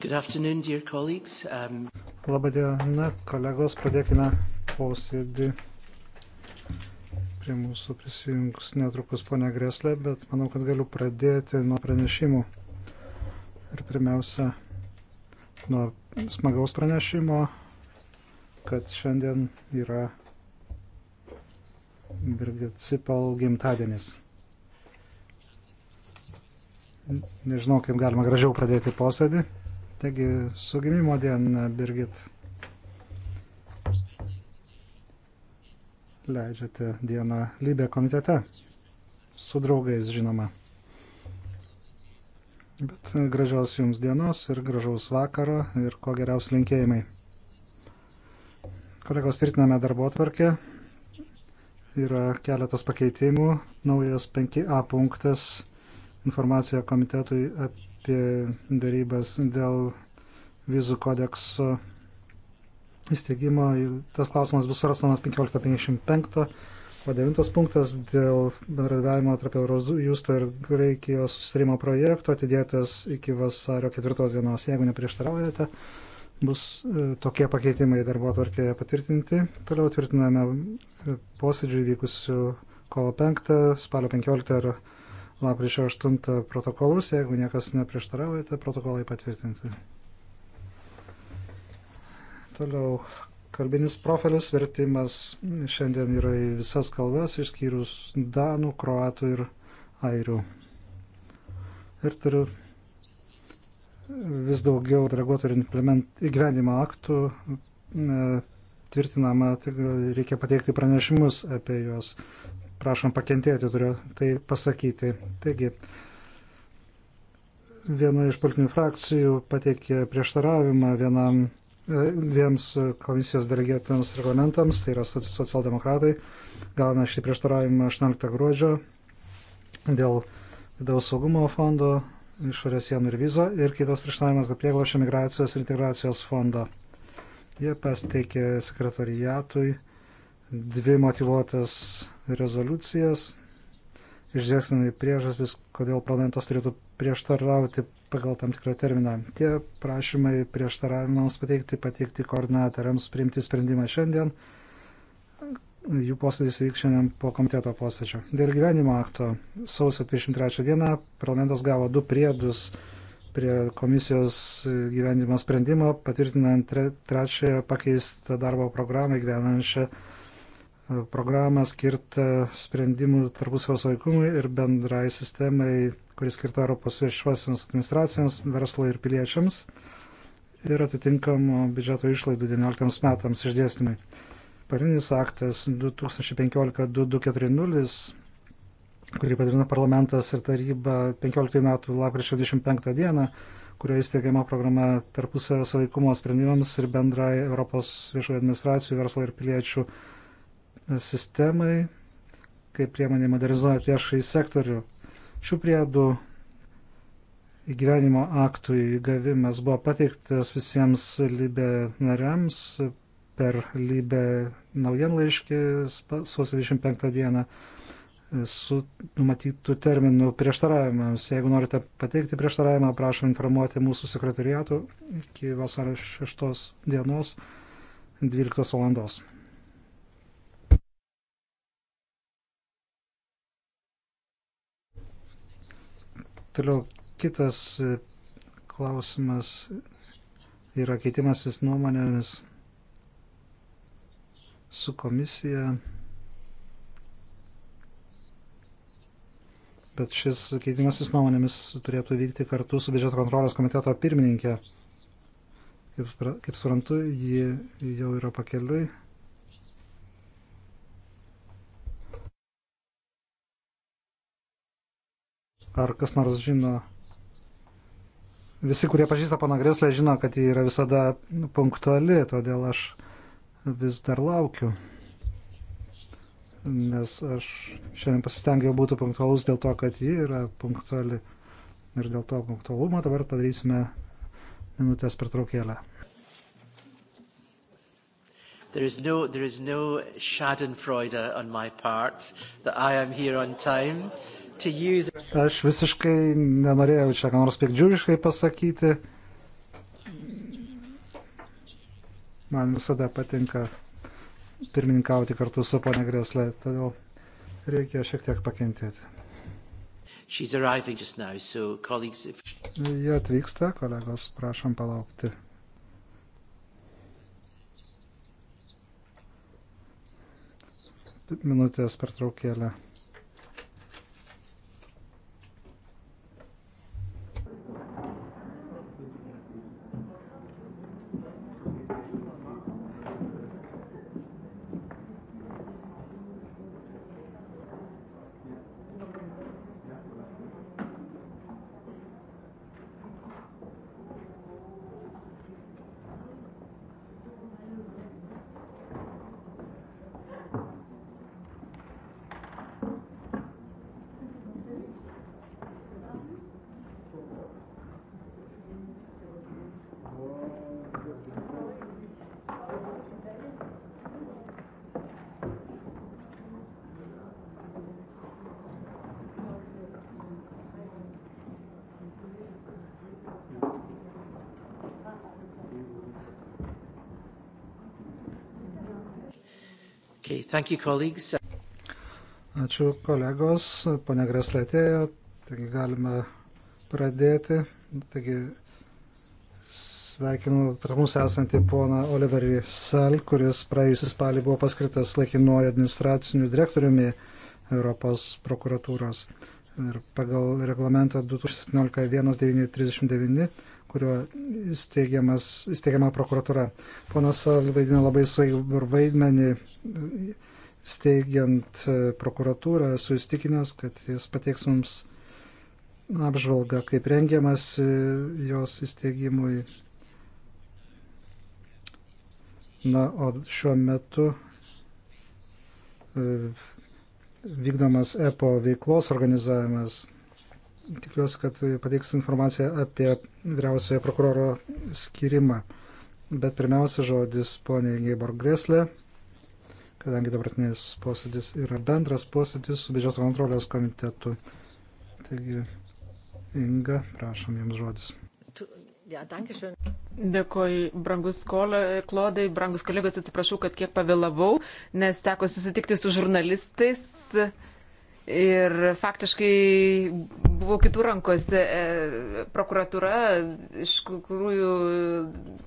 Good afternoon, dear colleagues. Um... Labadiena, kolegos, pradėkime posėdį. Prie mūsų prisijungs netrukus ponia Greslė, bet manau, kad galiu pradėti nuo pranešimų. Ir pirmiausia, nuo smagaus pranešimo, kad šiandien yra Birgit Cipal gimtadienis nežinau, kaip galima gražiau pradėti posėdį. Taigi, su gimimo diena, Birgit. Leidžiate dieną Lybė komitete. Su draugais, žinoma. Bet gražios jums dienos ir gražaus vakaro ir ko geriausi linkėjimai. Kolegos, tvirtiname darbo atvarkę. Yra keletas pakeitimų. Naujas 5A punktas informacija komitetui apie apie darybas dėl vizų kodekso įsteigimo. Tas klausimas bus svarstamas 15.55, o 9 punktas dėl bendradarbiavimo tarp Eurojusto ir Graikijos susirimo projekto atidėtas iki vasario 4 dienos. Jeigu neprieštaraujate, bus e, tokie pakeitimai darbo atvarkėje patvirtinti. Toliau tvirtiname e, posėdžių vykusių kovo 5, spalio 15 ir lapkričio 8 protokolus. Jeigu niekas neprieštaraujate, tai protokolai patvirtinti. Toliau kalbinis profilis, vertimas šiandien yra į visas kalbas, išskyrus danų, kroatų ir airių. Ir turiu vis daugiau deleguotų ir įgyvendimo aktų e, tvirtinama, reikia pateikti pranešimus apie juos. Prašom pakentėti, turiu tai pasakyti. Taigi, viena iš politinių frakcijų pateikė prieštaravimą vienam, e, dviems komisijos delegėtams reglamentams, tai yra socialdemokratai. Gavome šį prieštaravimą 18 gruodžio dėl vidaus saugumo fondo, išorės sienų ir vizo ir kitas prieštaravimas dėl prieglošio migracijos ir integracijos fondo. Jie pasteikė sekretariatui dvi motivuotas rezoliucijas, išdėksime priežastis, kodėl parlamentas turėtų prieštarauti pagal tam tikrą terminą. Tie prašymai prieštaravimams pateikti, pateikti koordinatoriams, priimti sprendimą šiandien. Jų posėdis vyks šiandien po komiteto posėdžio. Dėl gyvenimo akto sausio 23 dieną parlamentas gavo du priedus prie komisijos gyvenimo sprendimo, patvirtinant trečiąją pakeistą darbo programą gyvenančią programą skirtą sprendimų tarpusavio sveikumui ir bendrai sistemai, kuris skirta Europos viešuosiams administracijoms, verslo ir piliečiams ir atitinkamų biudžeto išlaidų 19 metams išdėstymai. Parinis aktas 2015-2240, kurį padarino parlamentas ir taryba 15 metų lapkričio 25 dieną, kurioje įsteigiama programa tarpusavio sąveikumo sprendimams ir bendrai Europos viešojo administracijų, verslo ir piliečių sistemai, kaip priemonė modernizuojant viešai sektorių. Šių priedų įgyvenimo aktų įgavimas buvo pateiktas visiems Libė nariams per Libė naujienlaiškį sausio 25 dieną su numatytų terminų prieštaravimams. Jeigu norite pateikti prieštaravimą, prašom informuoti mūsų sekretariatų iki vasario 6 dienos 12 valandos. Toliau kitas e, klausimas yra keitimasis nuomonėmis su komisija. Bet šis keitimasis nuomonėmis turėtų vykti kartu su biudžeto kontrolės komiteto pirmininkė. Kaip, kaip suprantu, ji jau yra pakeliui. Ar kas nors žino? Visi, kurie pažįsta pana Greslę, žino, kad ji yra visada punktuali, todėl aš vis dar laukiu. Nes aš šiandien pasistengiau būti punktualus dėl to, kad ji yra punktuali. Ir dėl to punktualumo dabar padarysime minutės pertraukėlę. There is no, there is no schadenfreude on my part that I am here on time use... Aš visiškai nenorėjau čia ką nors pikdžiūriškai pasakyti. Man visada patinka pirmininkauti kartu su ponia Greslė, todėl reikia šiek tiek pakentėti. Now, so colleagues... Jie atvyksta, kolegos, prašom palaukti. Minutės pertraukėlę. Okay, thank you, colleagues. Ačiū kolegos, ponia Greslė atėjo, taigi galime pradėti. Taigi sveikinu tarp mūsų esantį poną Oliverį Sal, kuris praėjusį spalį buvo paskirtas laikinuoju administraciniu direktoriumi Europos prokuratūros. Ir pagal reglamentą 2017.1939 kuriuo įsteigiama prokuratura. Ponas vaidina labai svarbų vaidmenį steigiant e, prokuratūrą. Esu įstikinęs, kad jis pateiks mums apžvalgą, kaip rengiamas e, jos įsteigimui. Na, o šiuo metu e, vykdomas EPO veiklos organizavimas tikiuosi, kad pateiks informaciją apie vyriausiojo prokuroro skirimą. Bet pirmiausia žodis ponė Geibor Greslė, kadangi dabartinis posėdis yra bendras posėdis su biudžeto kontrolės komitetu. Taigi, Inga, prašom jums žodis. Dėkoju, brangus klodai, brangus kolegos, atsiprašau, kad kiek pavėlavau, nes teko susitikti su žurnalistais. Ir faktiškai buvo kitų rankose. E, Prokuratura iš tikrųjų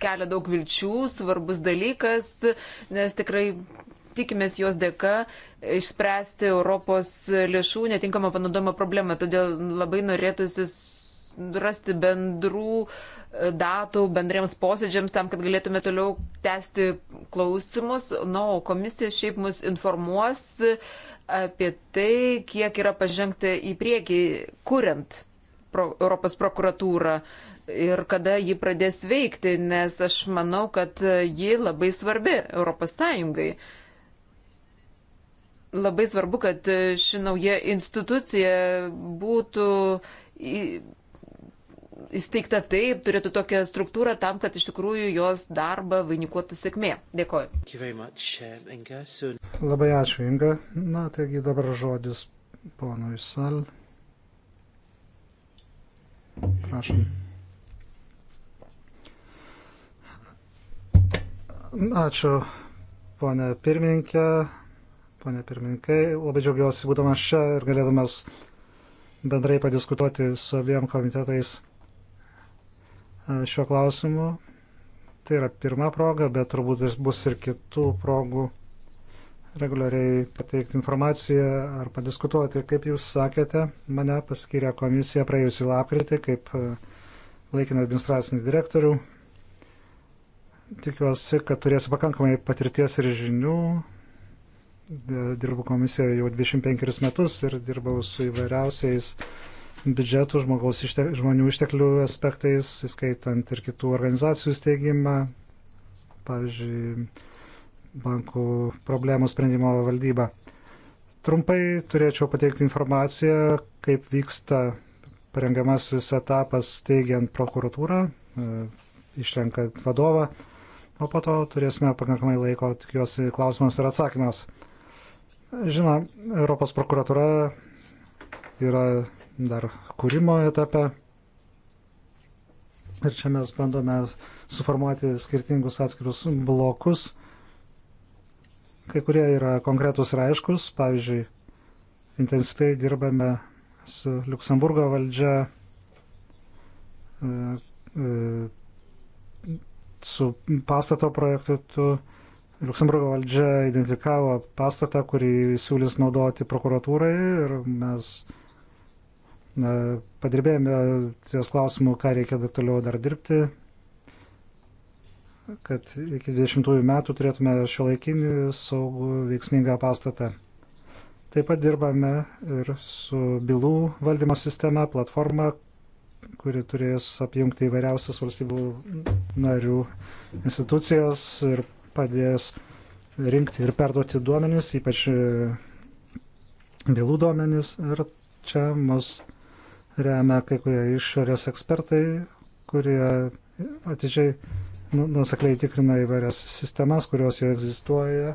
kelia daug vilčių, svarbus dalykas, nes tikrai tikimės jos dėka išspręsti Europos lėšų netinkamą panaudojimo problemą. Todėl labai norėtųsi rasti bendrų e, datų bendriems posėdžiams tam, kad galėtume toliau tęsti klausimus. Na, no, komisija šiaip mus informuos apie tai, kiek yra pažengta į priekį, kuriant pro, Europos prokuratūrą ir kada ji pradės veikti, nes aš manau, kad ji labai svarbi Europos Sąjungai. Labai svarbu, kad ši nauja institucija būtų įsteigta taip, turėtų tokią struktūrą tam, kad iš tikrųjų jos darbą vainikuotų sėkmė. Dėkoju. Um, labai ačiū, Inga. Na, taigi dabar žodis ponui Sal. Prašom. Ačiū, ponė pirmininkė. Pone pirmininkai, labai džiaugiuosi būdamas čia ir galėdamas bendrai padiskutuoti su abiem komitetais E, šiuo klausimu. Tai yra pirma proga, bet turbūt bus ir kitų progų reguliariai pateikti informaciją ar padiskutuoti. Kaip jūs sakėte, mane paskyrė komisija praėjusį lapkritį kaip e, laikiną administracinį direktorių. Tikiuosi, kad turėsiu pakankamai patirties ir žinių. E, dirbu komisijoje jau 25 metus ir dirbau su įvairiausiais uh, biudžetų, žmogaus ištek, žmonių išteklių aspektais, įskaitant ir kitų organizacijų steigimą, pavyzdžiui, bankų problemų sprendimo valdybą. Trumpai turėčiau pateikti informaciją, kaip vyksta parengiamasis etapas steigiant prokuratūrą, e, išrenkant vadovą, o po to turėsime pakankamai laiko, tikiuosi, klausimams ir atsakymams. Žinoma, Europos prokuratūra yra dar kūrimo etape. Ir čia mes bandome suformuoti skirtingus atskirus blokus. Kai kurie yra konkretus ir aiškus. Pavyzdžiui, intensyviai dirbame su Luksemburgo valdžia, e, e, su pastato projektu. Luksemburgo valdžia identifikavo pastatą, kurį siūlys naudoti prokuratūrai ir mes padirbėjome ties klausimu, ką reikia dar toliau dar dirbti, kad iki 20 metų turėtume šio laikinį saugų veiksmingą pastatą. Taip pat dirbame ir su bylų valdymo sistema, platforma, kuri turės apjungti įvairiausias valstybių narių institucijas ir padės rinkti ir perduoti duomenis, ypač e, bylų duomenis. Ir čia mus remia kai kurie išorės ekspertai, kurie atidžiai nusakliai tikrina įvairias sistemas, kurios jau egzistuoja.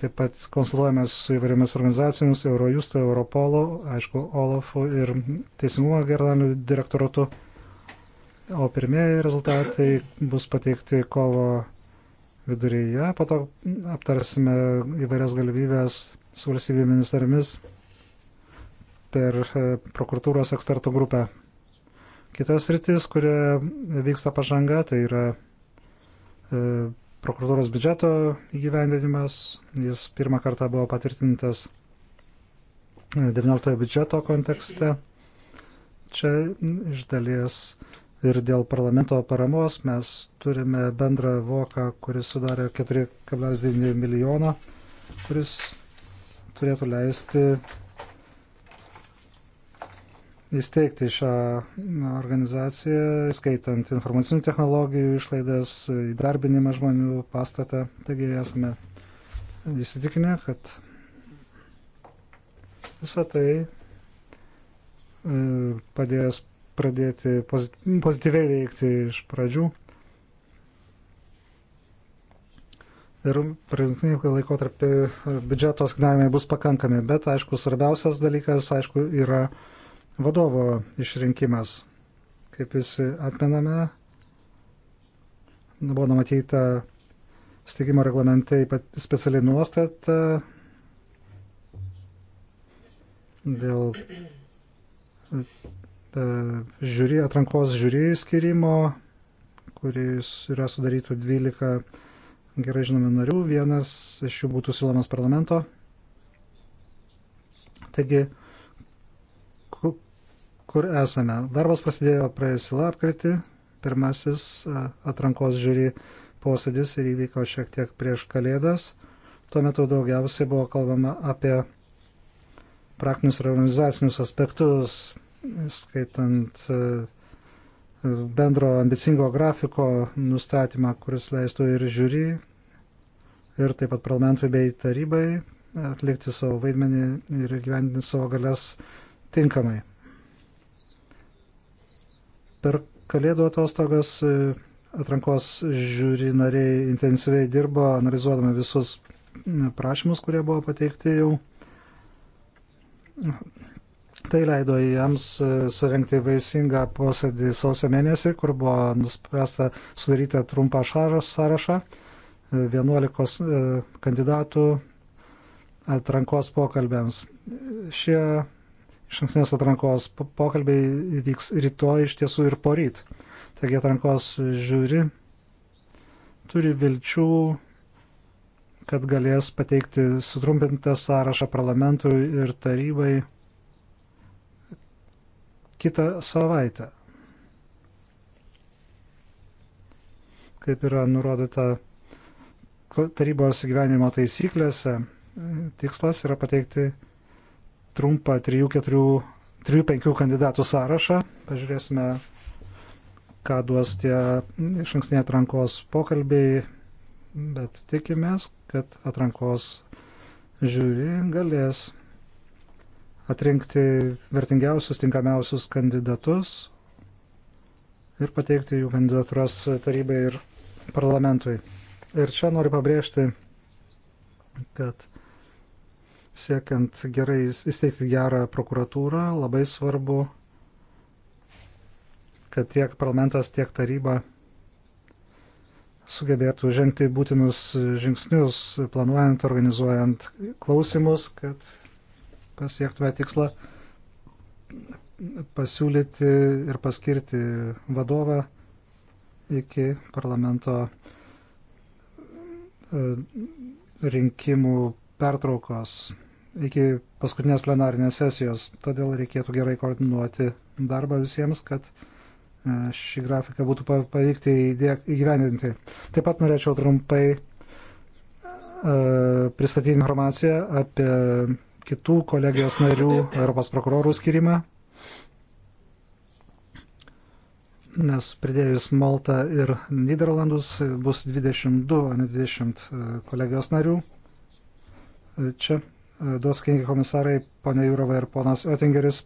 Taip pat konsultuojame su įvairiomis organizacijomis, Eurojusto, Europolu, aišku, Olafu ir Teisingumo generaliniu direktoratu. O pirmieji rezultatai bus pateikti kovo viduryje, po to aptarsime įvairias galimybės su valstybėmis ministerimis per e, prokuratūros ekspertų grupę. Kitas rytis, kurioje vyksta pažanga, tai yra e, prokuratūros biudžeto įgyvendinimas. Jis pirmą kartą buvo patvirtintas 19 e, biudžeto kontekste. Čia iš dalies ir dėl parlamento paramos mes turime bendrą voką, kuris sudarė 4,9 milijono, kuris turėtų leisti įsteigti šią organizaciją, skaitant informacinių technologijų išlaidas, įdarbinimą žmonių pastatą. Taigi esame įsitikinę, kad visą tai e, padės pradėti pozityviai veikti iš pradžių. Ir pradėtinį laikotarpį e, biudžeto asignavimai bus pakankami, bet aišku, svarbiausias dalykas, aišku, yra uh, vadovo išrinkimas. Kaip visi atmename, buvo numatyta steigimo reglamentai speciali nuostata dėl e, žiūri, atrankos žiūri skirimo, kuris yra sudarytų 12 gerai žinomų narių, vienas iš jų būtų siūlomas parlamento. Taigi, kur esame. Darbas prasidėjo praėjusį lapkritį, pirmasis e, atrankos žiūri posėdis ir įvyko šiek tiek prieš kalėdas. Tuo metu daugiausiai buvo kalbama apie praktinius ir organizacinius aspektus, skaitant e, bendro ambicingo grafiko nustatymą, kuris leistų ir žiūri, ir taip pat parlamentui bei tarybai atlikti savo vaidmenį ir gyvendinti savo galias tinkamai. Per kalėdų atostogas e, atrankos žiūri nariai intensyviai dirbo, analizuodami visus prašymus, kurie buvo pateikti jau. Tai leido jiems e, surenkti vaisingą posėdį sausio mėnesį, kur buvo nuspręsta sudaryti trumpą sąrašą 11 e, kandidatų atrankos pokalbėms. Šie Išankstinės atrankos pokalbiai vyks rytoj iš tiesų ir poryt. Taigi atrankos žiūri turi vilčių, kad galės pateikti sutrumpintą sąrašą parlamentui ir tarybai kitą savaitę. Kaip yra nurodyta tarybos gyvenimo taisyklėse, tikslas yra pateikti trumpą 3-5 kandidatų sąrašą. Pažiūrėsime, ką duos tie iš anksnė atrankos pokalbiai, bet tikimės, kad atrankos žiūri galės atrinkti vertingiausius, tinkamiausius kandidatus ir pateikti jų kandidatūras tarybai ir parlamentui. Ir čia noriu pabrėžti, kad siekiant gerai įsteigti gerą prokuratūrą, labai svarbu, kad tiek parlamentas, tiek taryba sugebėtų žengti būtinus žingsnius, planuojant, organizuojant klausimus, kad pasiektume tikslą pasiūlyti ir paskirti vadovą iki parlamento e, rinkimų pertraukos iki paskutinės plenarinės sesijos, todėl reikėtų gerai koordinuoti darbą visiems, kad e, šį grafiką būtų pavykti įgyvendinti. Taip pat norėčiau trumpai e, pristatyti informaciją apie kitų kolegijos narių Europos prokurorų skirimą, nes pridėjus Maltą ir Niderlandus bus 22, o ne 20 e, kolegijos narių. Čia e, duos kengi komisarai, ponia Jūrova ir ponas Oettingeris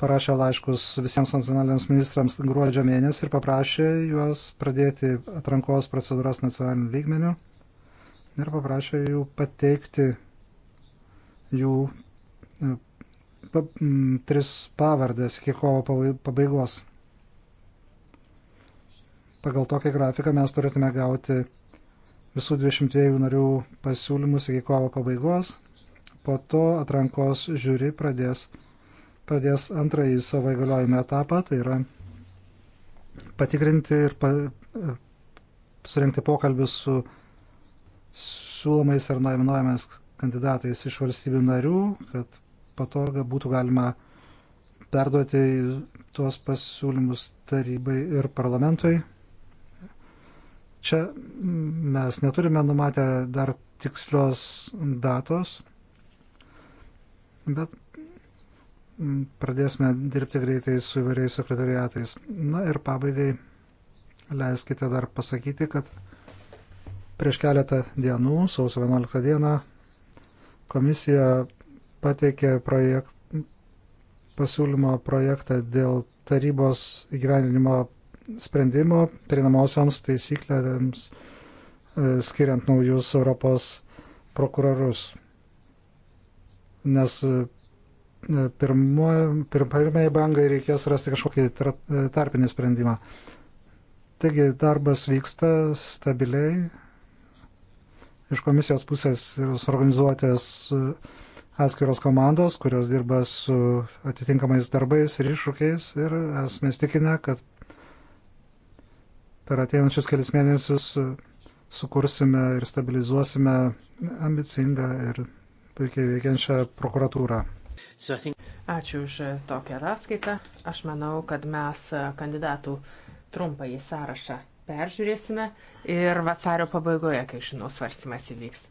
parašė laiškus visiems nacionaliniams ministrams gruodžio mėnesį ir paprašė juos pradėti atrankos procedūras nacionaliniu lygmeniu ir paprašė jų pateikti jų e, pa, m, tris pavardės iki kovo pabaigos. Pagal tokį grafiką mes turėtume gauti visų 22 narių pasiūlymus iki kovo pabaigos. Po to atrankos žiūri pradės, pradės antrąjį savo įgaliojimą etapą, tai yra patikrinti ir pa, surinkti pokalbius su siūlomais ar nuominuojamais kandidatais iš valstybių narių, kad patorga būtų galima perduoti tuos pasiūlymus tarybai ir parlamentui. Čia mes neturime numatę dar tikslios datos, bet pradėsime dirbti greitai su įvairiais sekretariatais. Na ir pabaigai leiskite dar pasakyti, kad prieš keletą dienų, sausio 11 dieną, komisija pateikė projekt, pasiūlymo projektą dėl tarybos įgyvendinimo sprendimo perinamosioms taisyklėms e, skiriant naujus Europos prokurorus. Nes e, e, pirmieji bangai reikės rasti kažkokį tarpinį sprendimą. Taigi darbas vyksta stabiliai. Iš komisijos pusės yra suorganizuotės atskiros komandos, kurios dirba su atitinkamais darbais ir iššūkiais ir esame stikinę, kad per ateinančius kelias mėnesius e, sukursime ir stabilizuosime ambicingą ir puikiai veikiančią prokuratūrą. Ačiū už e, tokią ataskaitą. Aš manau, kad mes e, kandidatų trumpąjį sąrašą peržiūrėsime ir vasario pabaigoje, kai žinau, svarstymas įvyks.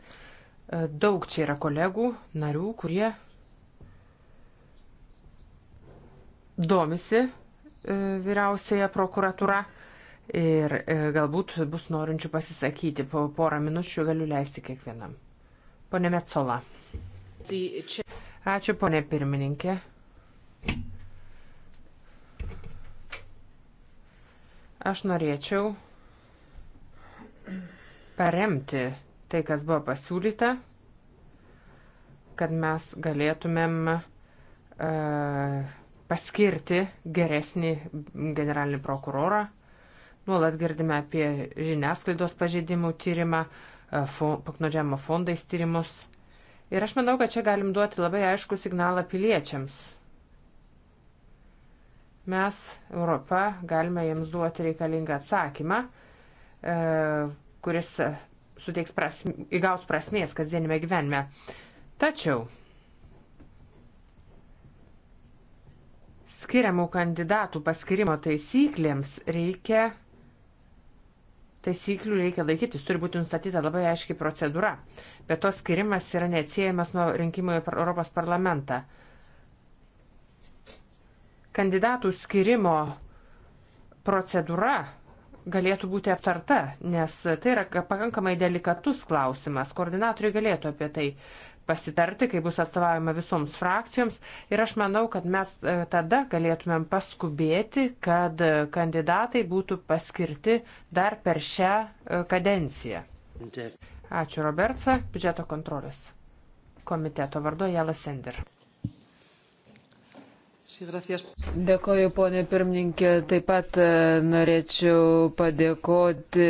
Daug čia yra kolegų, narių, kurie domisi vyriausiaja prokuratūra Ir e, galbūt bus norinčių pasisakyti. Po porą minučių galiu leisti kiekvienam. Pone Metsola. Ačiū, ponė pirmininkė. Aš norėčiau paremti tai, kas buvo pasiūlyta, kad mes galėtumėm uh, paskirti geresnį generalinį prokurorą. Uh, Nuolat girdime apie žiniasklaidos pažeidimų tyrimą, e, paknodžiamo fondais tyrimus. Ir aš manau, kad čia galim duoti labai aišku signalą piliečiams. Mes, Europa, galime jiems duoti reikalingą atsakymą, e, kuris e, suteiks prasm, įgaus prasmės kasdienime gyvenime. Tačiau skiriamų kandidatų paskirimo taisyklėms reikia taisyklių reikia laikytis, turi būti nustatyta labai aiški procedūra. Bet tos skirimas yra neatsiejamas nuo rinkimų į Europos parlamentą. Kandidatų skirimo procedūra galėtų būti aptarta, nes tai yra pakankamai delikatus klausimas. Koordinatoriai galėtų apie tai pasitarti, kai bus atstovaujama visoms frakcijoms. Ir aš manau, kad mes e, tada galėtumėm paskubėti, kad e, kandidatai būtų paskirti dar per šią e, kadenciją. Ačiū Robertsa, biudžeto kontrolės komiteto vardu Jela Sender. Dėkoju, ponė pirmininkė. Taip pat norėčiau padėkoti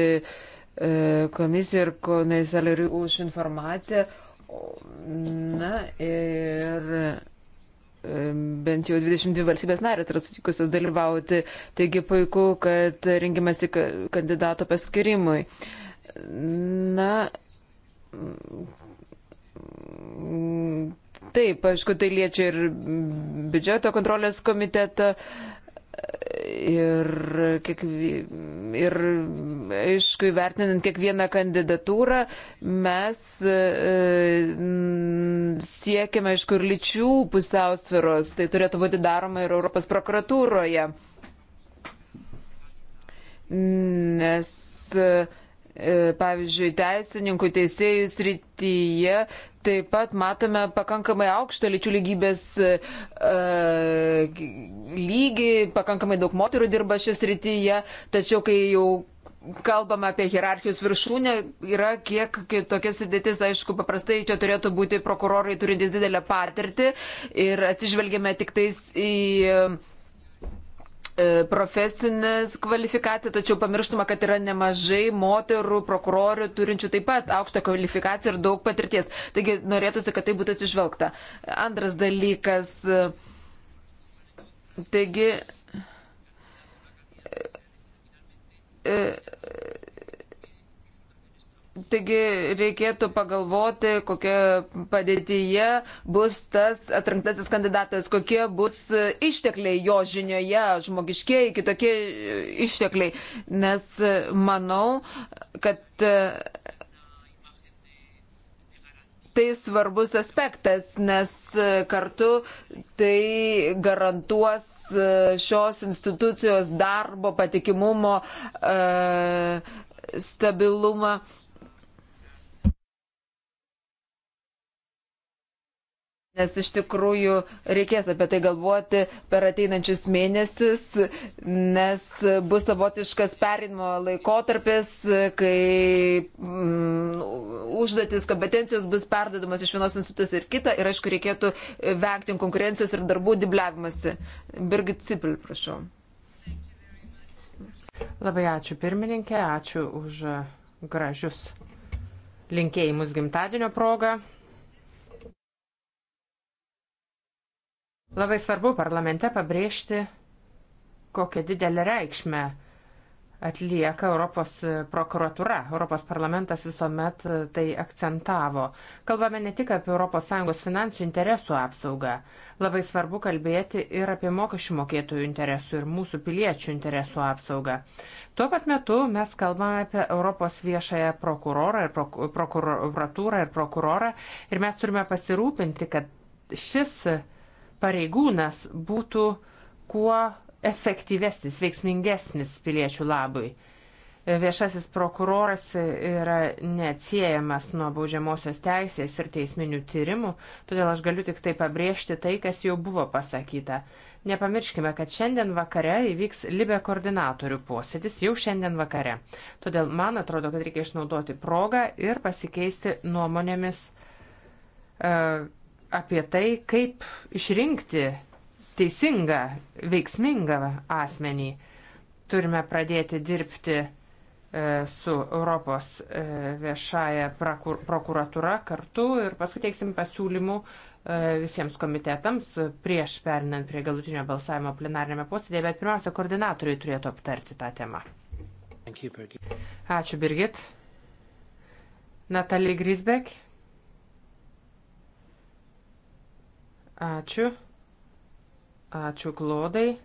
komisijai ir konai Saleriui už informaciją. Na ir bent jau 22 valstybės narės yra sutikusios dalyvauti, taigi puiku, kad rinkimasi kandidato paskirimui. Na, taip, aišku, tai liečia ir biudžeto kontrolės komitetą, Ir, kiekvie, ir aišku, vertinant kiekvieną kandidatūrą, mes e, siekiame, aišku, ir lyčių pusiausviros. Tai turėtų būti daroma ir Europos prokuratūroje. Nes. E, E, pavyzdžiui, teisininkų, teisėjų srityje taip pat matome pakankamai aukštą lyčių lygybės e, lygį, pakankamai daug moterų dirba šis rytyje, tačiau kai jau kalbama apie hierarchijos viršūnę, yra kiek kitokia sudėtis, aišku, paprastai čia turėtų būti prokurorai turintys didelę patirtį ir atsižvelgiame tik tais į E, profesinės kvalifikacija, tačiau pamirštama, kad yra nemažai moterų prokurorių turinčių taip pat aukštą kvalifikaciją ir daug patirties. Taigi norėtųsi, kad tai būtų atsižvelgta. Antras dalykas. E, taigi. E, Taigi reikėtų pagalvoti, kokia padėtyje bus tas atrinktasis kandidatas, kokie bus ištekliai jo žinioje, žmogiškieji, kitokie ištekliai. Nes e, manau, kad e, tai svarbus aspektas, nes e, kartu tai garantuos šios institucijos darbo patikimumo stabilumą nes iš tikrųjų reikės apie tai galvoti per ateinančius mėnesius, nes bus savotiškas perinimo laikotarpis, kai mm, užduotis, kompetencijos bus perdodamas iš vienos institucijos ir kitą ir aišku reikėtų vengti konkurencijos ir darbų dibliavimasi. Birgit Cipil, prašau. Labai ačiū pirmininkė, ačiū už gražius linkėjimus gimtadienio progą. Labai svarbu parlamente pabrėžti, kokią didelę reikšmę atlieka Europos prokuratura. Europos parlamentas visuomet tai akcentavo. Kalbame ne tik apie ES finansų interesų apsaugą. Labai svarbu kalbėti ir apie mokesčių mokėtojų interesų ir mūsų piliečių interesų apsaugą. Tuo pat metu mes kalbame apie Europos viešąją prokurorą ir prokuratūrą ir prokurorą ir mes turime pasirūpinti, kad šis pareigūnas būtų kuo efektyvesnis, veiksmingesnis piliečių labui. Viešasis prokuroras yra neatsiejamas nuo baudžiamosios teisės ir teisminių tyrimų, todėl aš galiu tik tai pabrėžti tai, kas jau buvo pasakyta. Nepamirškime, kad šiandien vakare įvyks Libė koordinatorių posėdis jau šiandien vakare. Todėl man atrodo, kad reikia išnaudoti progą ir pasikeisti nuomonėmis. Uh, apie tai, kaip išrinkti teisingą, veiksmingą asmenį. Turime pradėti dirbti e, su Europos e, viešaja prokuratūra kartu ir paskui teiksim pasiūlymų e, visiems komitetams prieš perinant prie galutinio balsavimo plenarinėme posėdėje, bet pirmiausia, koordinatoriai turėtų aptarti tą temą. Ačiū, Birgit. Natalie Grisbeck. Ačiū. Ačiū, Klodai.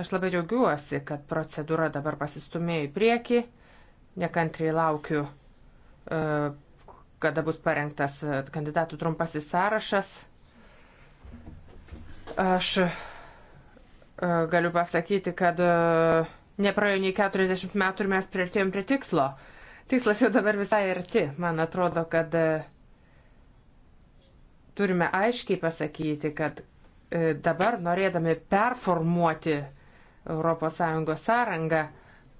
Aš labai džiaugiuosi, kad procedūra dabar pasistumėjo į priekį. Nekantriai laukiu, e, kada bus parengtas e, kandidatų trumpasis sąrašas. Aš e, galiu pasakyti, kad nepraėjo nei 40 metų ir mes prieartėjom prie tikslo. Tikslas jau dabar visai arti. Man atrodo, kad turime aiškiai pasakyti, kad e, dabar norėdami performuoti ES sąrangą,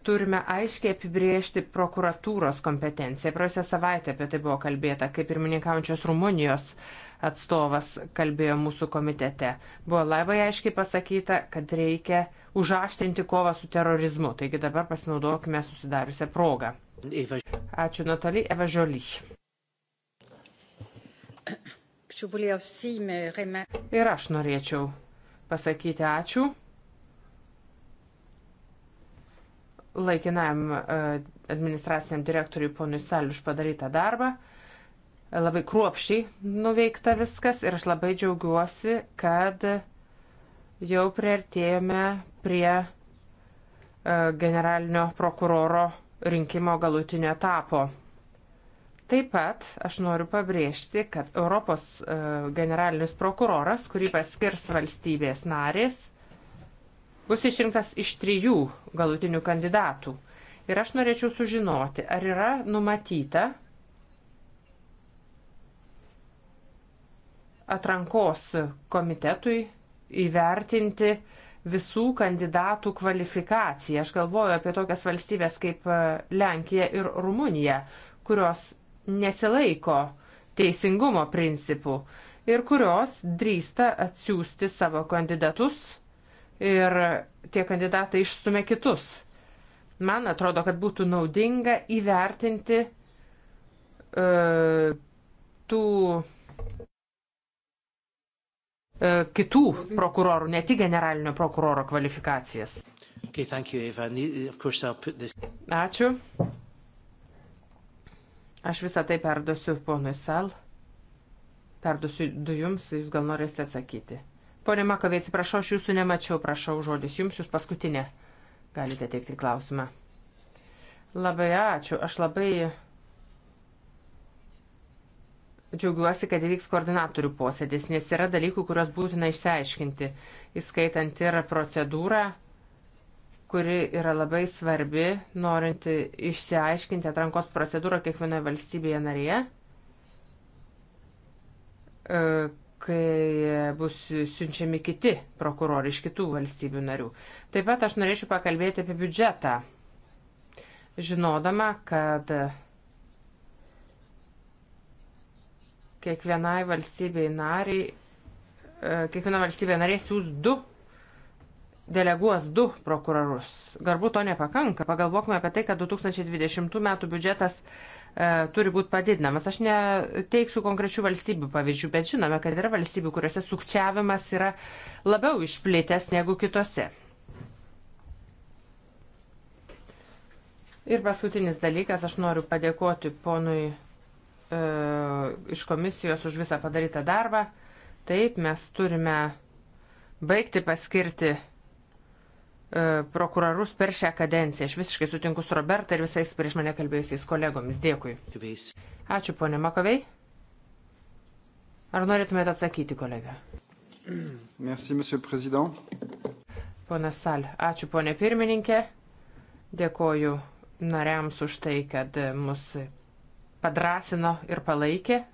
turime aiškiai apibriežti prokuratūros kompetenciją. Praėjusią savaitę apie tai buvo kalbėta, kaip ir mininkaujančios Rumunijos atstovas kalbėjo mūsų komitete. Buvo labai aiškiai pasakyta, kad reikia užaštrinti kovą su terorizmu. Taigi dabar pasinaudokime susidariusią progą. Ačiū Natali Eva Žolys. Ir aš norėčiau pasakyti ačiū laikinam e, administraciniam direktoriui ponui Saliu už padarytą darbą. E, labai kruopščiai nuveikta viskas ir aš labai džiaugiuosi, kad jau priartėjome prie e, generalinio prokuroro rinkimo galutinio etapo. Taip pat aš noriu pabrėžti, kad Europos e, generalinis prokuroras, kurį paskirs valstybės narės, bus išrinktas iš trijų galutinių kandidatų. Ir aš norėčiau sužinoti, ar yra numatyta atrankos komitetui įvertinti visų kandidatų kvalifikaciją. Aš galvoju apie tokias valstybės kaip e, Lenkija ir Rumunija, kurios nesilaiko teisingumo principų ir kurios drįsta atsiųsti savo kandidatus ir tie kandidatai išstumia kitus. Man atrodo, kad būtų naudinga įvertinti uh, tų uh, kitų prokurorų, ne tik generalinio prokuroro kvalifikacijas. Okay, you, this... Ačiū. Aš visą tai perduosiu ponui Sal. Perduosiu du jums, jūs gal norėsite atsakyti. Pone Makavė, atsiprašau, aš jūsų nemačiau, prašau žodis jums, jūs paskutinė. Galite teikti klausimą. Labai ačiū, aš labai džiaugiuosi, kad įvyks koordinatorių posėdis, nes yra dalykų, kuriuos būtina išsiaiškinti, įskaitant ir procedūrą kuri yra labai svarbi, norint išsiaiškinti atrankos procedūrą kiekvienoje valstybėje narėje, e, kai bus siunčiami kiti prokurorai iš kitų valstybių narių. Taip pat aš norėčiau pakalbėti apie biudžetą, žinodama, kad kiekvienai valstybei nariai, e, kiekviena valstybė narė siūs du deleguos du prokurorus. Galbūt to nepakanka. Pagalvokime apie tai, kad 2020 m. biudžetas e, turi būti padidinamas. Aš neteiksiu konkrečių valstybių pavyzdžių, bet žinome, kad yra valstybių, kuriuose sukčiavimas yra labiau išplėtęs negu kitose. Ir paskutinis dalykas, aš noriu padėkoti ponui e, iš komisijos už visą padarytą darbą. Taip, mes turime baigti paskirti E, prokurorus per šią kadenciją. Aš visiškai sutinku su Roberta ir visais prieš mane kalbėjusiais kolegomis. Dėkui. Ačiū, ponė Makovei. Ar norėtumėte atsakyti, kolega? Merci, monsieur le président. Pone Sal, ačiū, ponė pirmininkė. Dėkoju nariams už tai, kad mus padrasino ir palaikė.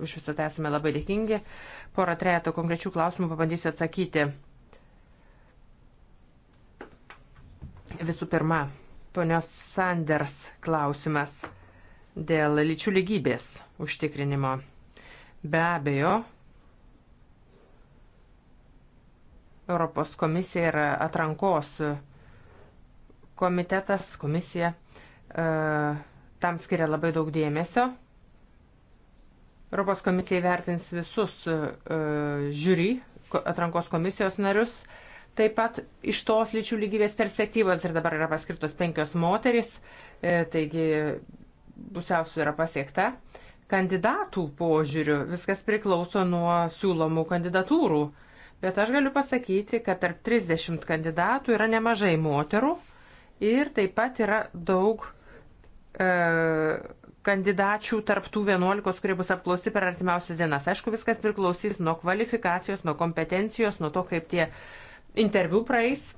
Už visą tai esame labai dėkingi. Porą trejato konkrečių klausimų pabandysiu atsakyti Visų pirma, ponios Sanders klausimas dėl lyčių lygybės užtikrinimo. Be abejo, Europos komisija ir atrankos komitetas, komisija e, tam skiria labai daug dėmesio. Europos komisija įvertins visus e, žiūri atrankos komisijos narius. Uh, Taip pat iš tos lyčių lygybės perspektyvos ir dabar yra paskirtos penkios moterys, e, taigi pusiausvė yra pasiekta. Kandidatų požiūrių viskas priklauso nuo siūlomų kandidatūrų, bet aš galiu pasakyti, kad tarp 30 kandidatų yra nemažai moterų ir taip pat yra daug e, kandidačių tarptų 11, kurie bus apklausi per artimiausias dienas. Aišku, viskas priklausys nuo kvalifikacijos, nuo kompetencijos, nuo to, kaip tie interviu praeis,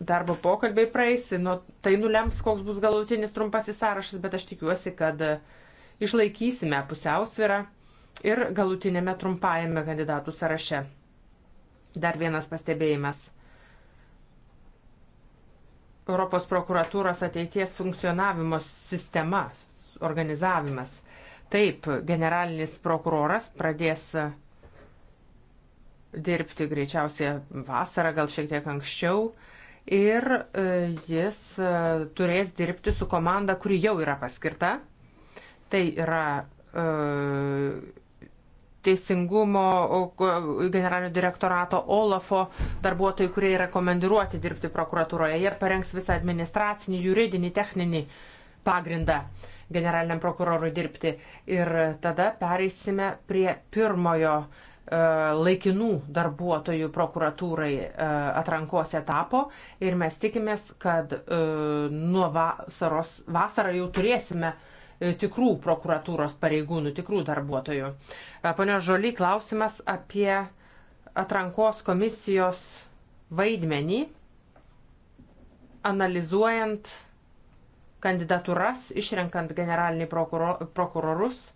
darbo pokalbiai praeis, nu, tai nulems, koks bus galutinis trumpasis sąrašas, bet aš tikiuosi, kad e, išlaikysime pusiausvyrą ir galutinėme trumpajame kandidatų sąraše. Dar vienas pastebėjimas. Europos prokuratūros ateities funkcionavimo sistema, organizavimas. Taip, generalinis prokuroras pradės dirbti greičiausiai vasarą, gal šiek tiek anksčiau. Ir e, jis e, turės dirbti su komanda, kuri jau yra paskirta. Tai yra e, teisingumo generalinio direktorato Olafo darbuotojai, kurie yra komandiruoti dirbti prokuratūroje. Jie parengs visą administracinį, juridinį, techninį pagrindą generaliniam prokurorui dirbti. Ir tada pereisime prie pirmojo E, laikinų darbuotojų prokuratūrai e, atrankos etapo ir mes tikimės, kad e, nuo vasaros, vasarą jau turėsime tikrų prokuratūros pareigūnų, tikrų darbuotojų. Pane Žoly, klausimas apie atrankos komisijos vaidmenį analizuojant kandidatūras, išrenkant generalinį prokurorus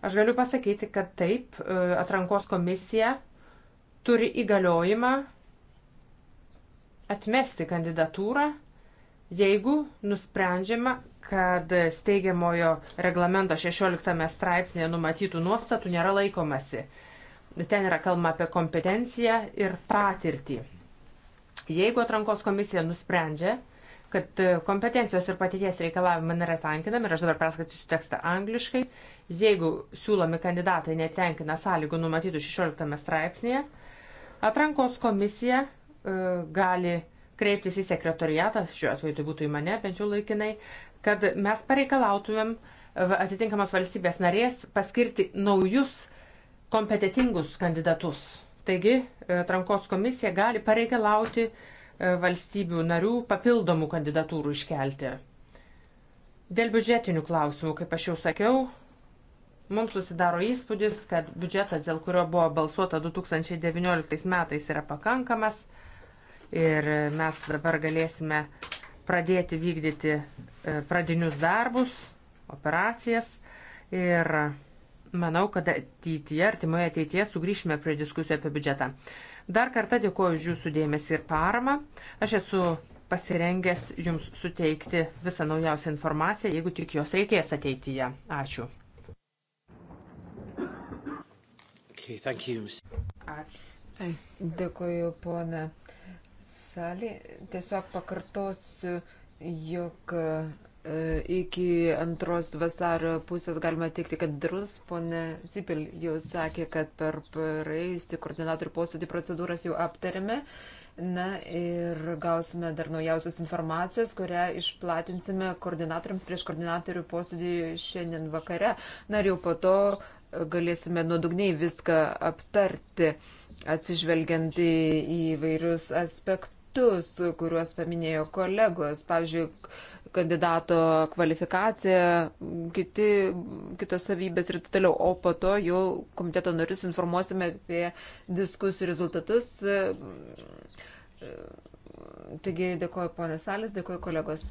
Aš galiu pasakyti, kad taip, e, atrankos komisija turi įgaliojimą atmesti kandidatūrą, jeigu nusprendžiama, kad steigiamojo reglamento 16 straipsnėje numatytų nuostatų nėra laikomasi. Ten yra kalba apie kompetenciją ir patirtį. Jeigu atrankos komisija nusprendžia, kad e, kompetencijos ir patirties reikalavimai nėra tenkinami, ir aš dabar perskaitysiu tekstą angliškai, jeigu siūlomi kandidatai netenkina sąlygų numatytų 16 straipsnėje, atrankos komisija e, gali kreiptis į sekretoriatą, šiuo atveju tai būtų į mane, bent jau laikinai, kad mes pareikalautumėm e, atitinkamos valstybės narės paskirti naujus kompetitingus kandidatus. Taigi, e, atrankos komisija gali pareikalauti uh, valstybių narių papildomų kandidatūrų iškelti. Dėl biudžetinių klausimų, kaip aš jau sakiau, mums susidaro įspūdis, kad biudžetas, dėl kurio buvo balsuota 2019 metais, yra pakankamas ir mes dabar galėsime pradėti vykdyti e, pradinius darbus, operacijas ir manau, kad ateityje, artimoje ateityje sugrįšime prie diskusijų apie biudžetą. Dar kartą dėkoju už jūsų dėmesį ir paramą. Aš esu pasirengęs jums suteikti visą naujausią informaciją, jeigu tik jos reikės ateityje. Ačiū. Okay, Ačiū. Dėkoju, pona Salė. Tiesiog pakartosiu, jog E, iki antros vasario pusės galima teikti, kad drus, ponė Zipil jau sakė, kad per praėjusį koordinatorių posėdį procedūras jau aptarėme. Na ir gausime dar naujausios informacijos, kurią išplatinsime koordinatoriams prieš koordinatorių posėdį šiandien vakare. Na ir jau po to galėsime nuodugniai viską aptarti, atsižvelgiant į įvairius aspektus aspektus, kuriuos paminėjo kolegos, pavyzdžiui, kandidato kvalifikacija, kiti, kitos savybės ir taip toliau, o po to jau komiteto norius informuosime apie diskusijų rezultatus. Taigi dėkoju ponė Salis, dėkoju kolegos.